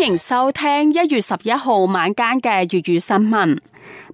歡迎收聽一月十一號晚間嘅粵語新聞。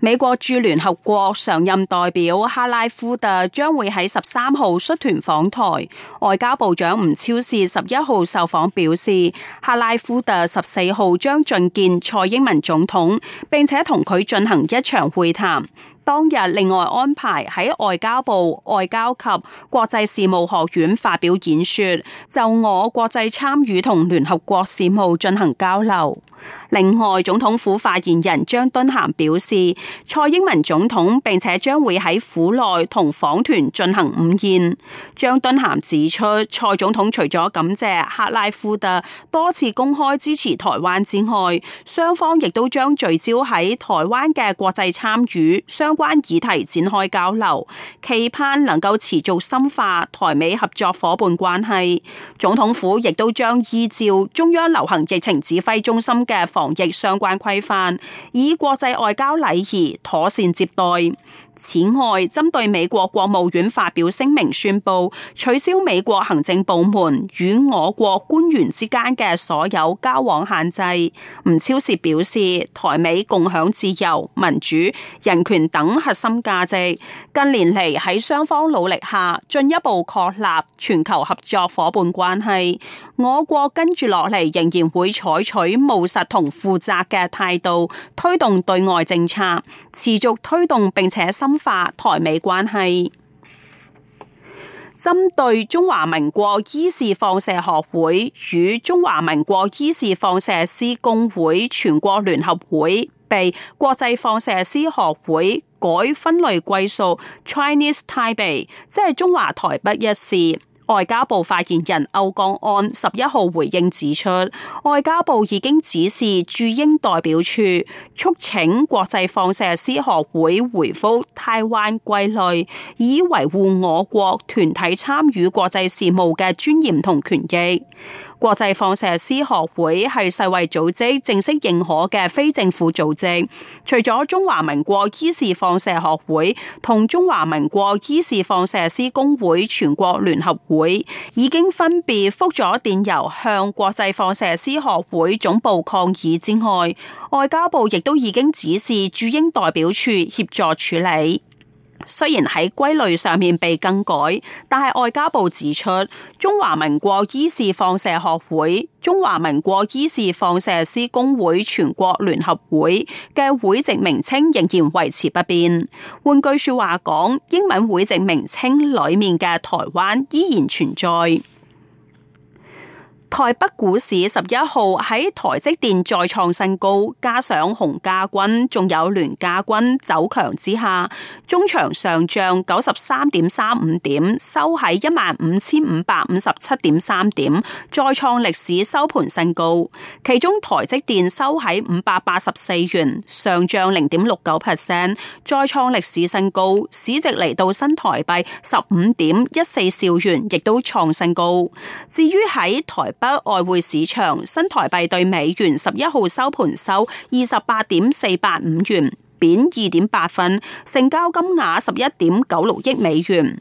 美國駐聯合國常任代表克拉夫特將會喺十三號率團訪台，外交部長吳釗燮十一號受訪表示，克拉夫特十四號將晉見蔡英文總統，並且同佢進行一場會談。當日另外安排喺外交部、外交及國際事務學院發表演說，就我國際參與同聯合國事務進行交流。另外，總統府發言人張敦涵表示。蔡英文總統並且將會喺府內同訪團進行午宴。張敦涵指出，蔡總統除咗感謝克拉夫特多次公開支持台灣之外，雙方亦都將聚焦喺台灣嘅國際參與相關議題展開交流，期盼能夠持續深化台美合作夥伴關係。總統府亦都將依照中央流行疫情指揮中心嘅防疫相關規範，以國際外交禮，而妥善接待。此外，針對美國國務院發表聲明宣布取消美國行政部門與我國官員之間嘅所有交往限制，吳釗燮表示，台美共享自由、民主、人權等核心價值，近年嚟喺雙方努力下，進一步確立全球合作夥伴關係。我國跟住落嚟仍然會採取務實同負責嘅態度，推動對外政策。持續推動並且深化台美關係。針對中華民國醫事放射學會與中華民國醫事放射師公會全國聯合會被國際放射師學會改分類歸屬 Chinese Taipei，即係中華台北一事。外交部發言人歐江安十一號回應指出，外交部已經指示駐英代表處促請國際放射師學會恢復台灣歸類，以維護我國團體參與國際事務嘅尊嚴同權益。國際放射師學會係世衛組織正式認可嘅非政府組織，除咗中華民國醫事放射學會同中華民國醫事放射師公會全國聯合會已經分別覆咗電郵向國際放射師學會總部抗議之外，外交部亦都已經指示駐英代表處協助處理。雖然喺歸類上面被更改，但係外交部指出，中華民國醫事放射學會、中華民國醫事放射師公會全國聯合會嘅會籍名稱仍然維持不變。換句說話講，英文會籍名稱裏面嘅台灣依然存在。台北股市十一號喺台積電再創新高，加上紅家軍仲有聯家軍走強之下，中場上漲九十三點三五點，收喺一萬五千五百五十七點三點，再創歷史收盤新高。其中台積電收喺五百八十四元，上漲零點六九 percent，再創歷史新高，市值嚟到新台幣十五點一四兆元，亦都創新高。至於喺台北。北外匯市場，新台幣對美元十一號收盤收二十八點四八五元，貶二點八分，成交金額十一點九六億美元。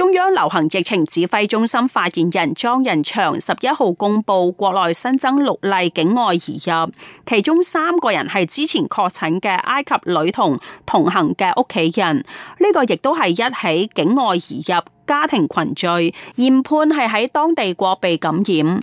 中央流行疫情指揮中心發言人莊人祥十一號公布國內新增六例境外移入，其中三個人係之前確診嘅埃及女童同，同行嘅屋企人，呢、這個亦都係一起境外移入家庭群聚，研判係喺當地國被感染。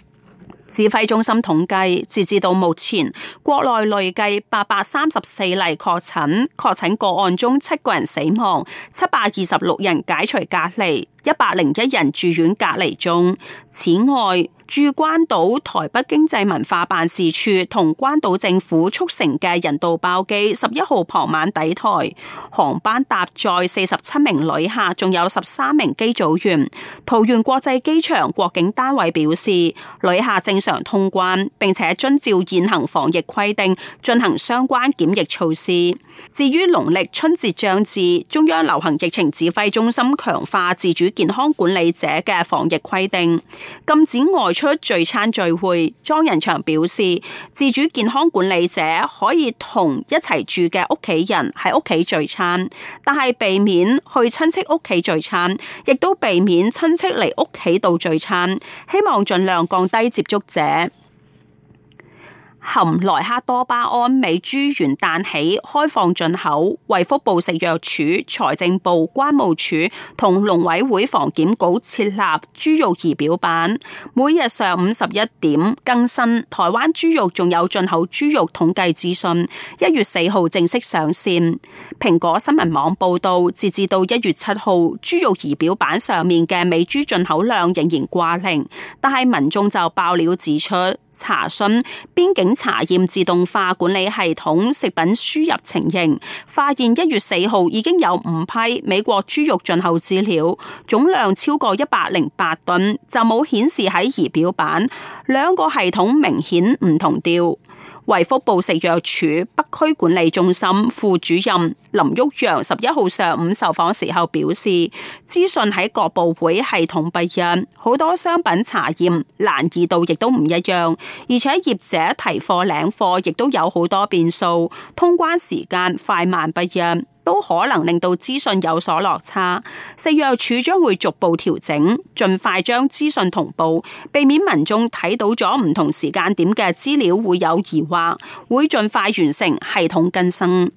指揮中心統計，截至到目前，國內累計八百三十四例確診，確診個案中七個人死亡，七百二十六人解除隔離，一百零一人住院隔離中。此外，駐關島台北經濟文化辦事處同關島政府促成嘅人道包機十一號傍晚抵台，航班搭載四十七名旅客，仲有十三名機組員。桃園國際機場國境單位表示，旅客正常通關，並且遵照現行防疫規定進行相關檢疫措施。至於農曆春節將至，中央流行疫情指揮中心強化自主健康管理者嘅防疫規定，禁止外出聚餐聚會，莊仁祥表示，自主健康管理者可以同一齊住嘅屋企人喺屋企聚餐，但係避免去親戚屋企聚餐，亦都避免親戚嚟屋企度聚餐，希望盡量降低接觸者。含萊克多巴胺、美豬元旦起開放進口，衛福部食藥署、財政部、關務署同農委會防檢局設立豬肉儀表板，每日上午十一點更新台灣豬肉仲有進口豬肉統計資訊。一月四號正式上線。蘋果新聞網報道，截至到一月七號，豬肉儀表板上面嘅美豬進口量仍然掛零，但係民眾就爆料指出。查詢邊境查驗自動化管理系統食品輸入情形，發現一月四號已經有五批美國豬肉進口資料，總量超過一百零八噸，就冇顯示喺儀表板，兩個系統明顯唔同調。衛福部食藥署北區管理中心副主任林旭陽十一號上午受訪時候表示，資訊喺各部會系統不一，好多商品查驗難易度亦都唔一樣，而且業者提貨領貨亦都有好多變數，通關時間快慢不一，都可能令到資訊有所落差。食藥署將會逐步調整，儘快將資訊同步，避免民眾睇到咗唔同時間點嘅資料會有疑惑。話會盡快完成系統更新。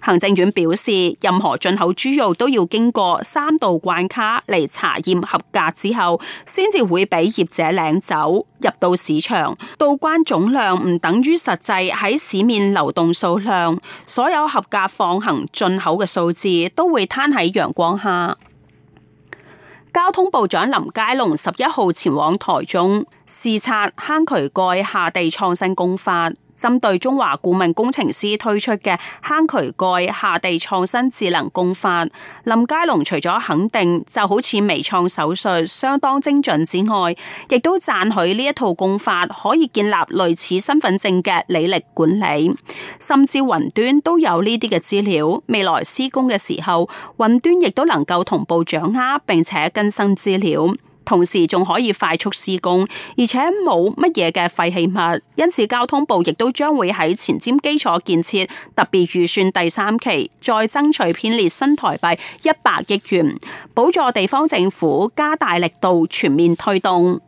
行政院表示，任何進口豬肉都要經過三道關卡嚟查驗合格之後，先至會俾業者領走入到市場。到關總量唔等於實際喺市面流動數量，所有合格放行進口嘅數字都會攤喺陽光下。交通部長林佳龍十一號前往台中，視察坑渠蓋下地創新工法，針對中華顧問工程師推出嘅坑渠蓋下地創新智能工法，林佳龍除咗肯定就好似微創手術相當精準之外，亦都贊許呢一套工法可以建立類似身份證嘅履歷管理，甚至雲端都有呢啲嘅資料，未來施工嘅時候，雲端亦都能夠同步掌握並且更新資料。同時仲可以快速施工，而且冇乜嘢嘅廢棄物，因此交通部亦都將會喺前瞻基礎建設特別預算第三期再爭取編列新台幣一百億元，補助地方政府加大力度全面推動。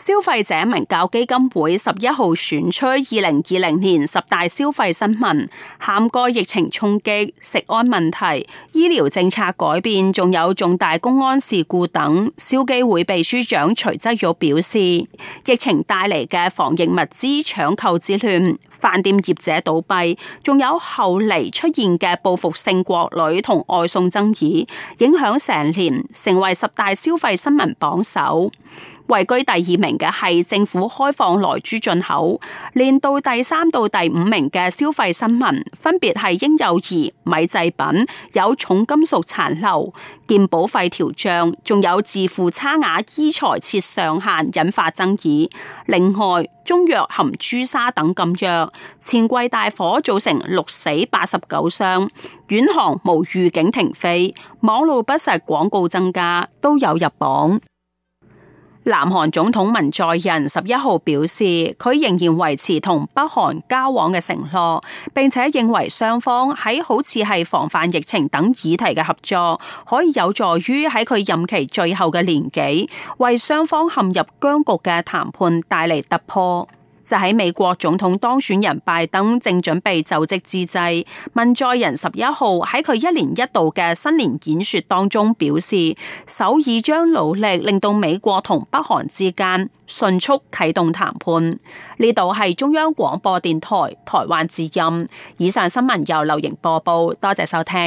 消費者文教基金會十一號選出二零二零年十大消費新聞，涵蓋疫情衝擊、食安問題、醫療政策改變，仲有重大公安事故等。消基會秘書長徐則玉表示，疫情帶嚟嘅防疫物資搶購之亂、飯店業者倒閉，仲有後嚟出現嘅報復性國旅同外送爭議，影響成年，成為十大消費新聞榜首。位居第二名嘅係政府開放萊豬進口，連到第三到第五名嘅消費新聞，分別係嬰幼兒米製品有重金屬殘留、健保費調漲，仲有自負差額、醫材設上限引發爭議。另外，中藥含硃砂等禁藥，錢櫃大火造成六死八十九傷，遠航無預警停飛，網路不實廣告增加都有入榜。南韓總統文在寅十一號表示，佢仍然維持同北韓交往嘅承諾，並且認為雙方喺好似係防範疫情等議題嘅合作，可以有助於喺佢任期最後嘅年紀，為雙方陷入僵局嘅談判帶嚟突破。就喺美國總統當選人拜登正準備就職之際，文在寅十一號喺佢一年一度嘅新年演說當中表示，首爾將努力令到美國同北韓之間迅速啟動談判。呢度係中央廣播電台台灣之音。以上新聞由劉瑩播報，多謝收聽。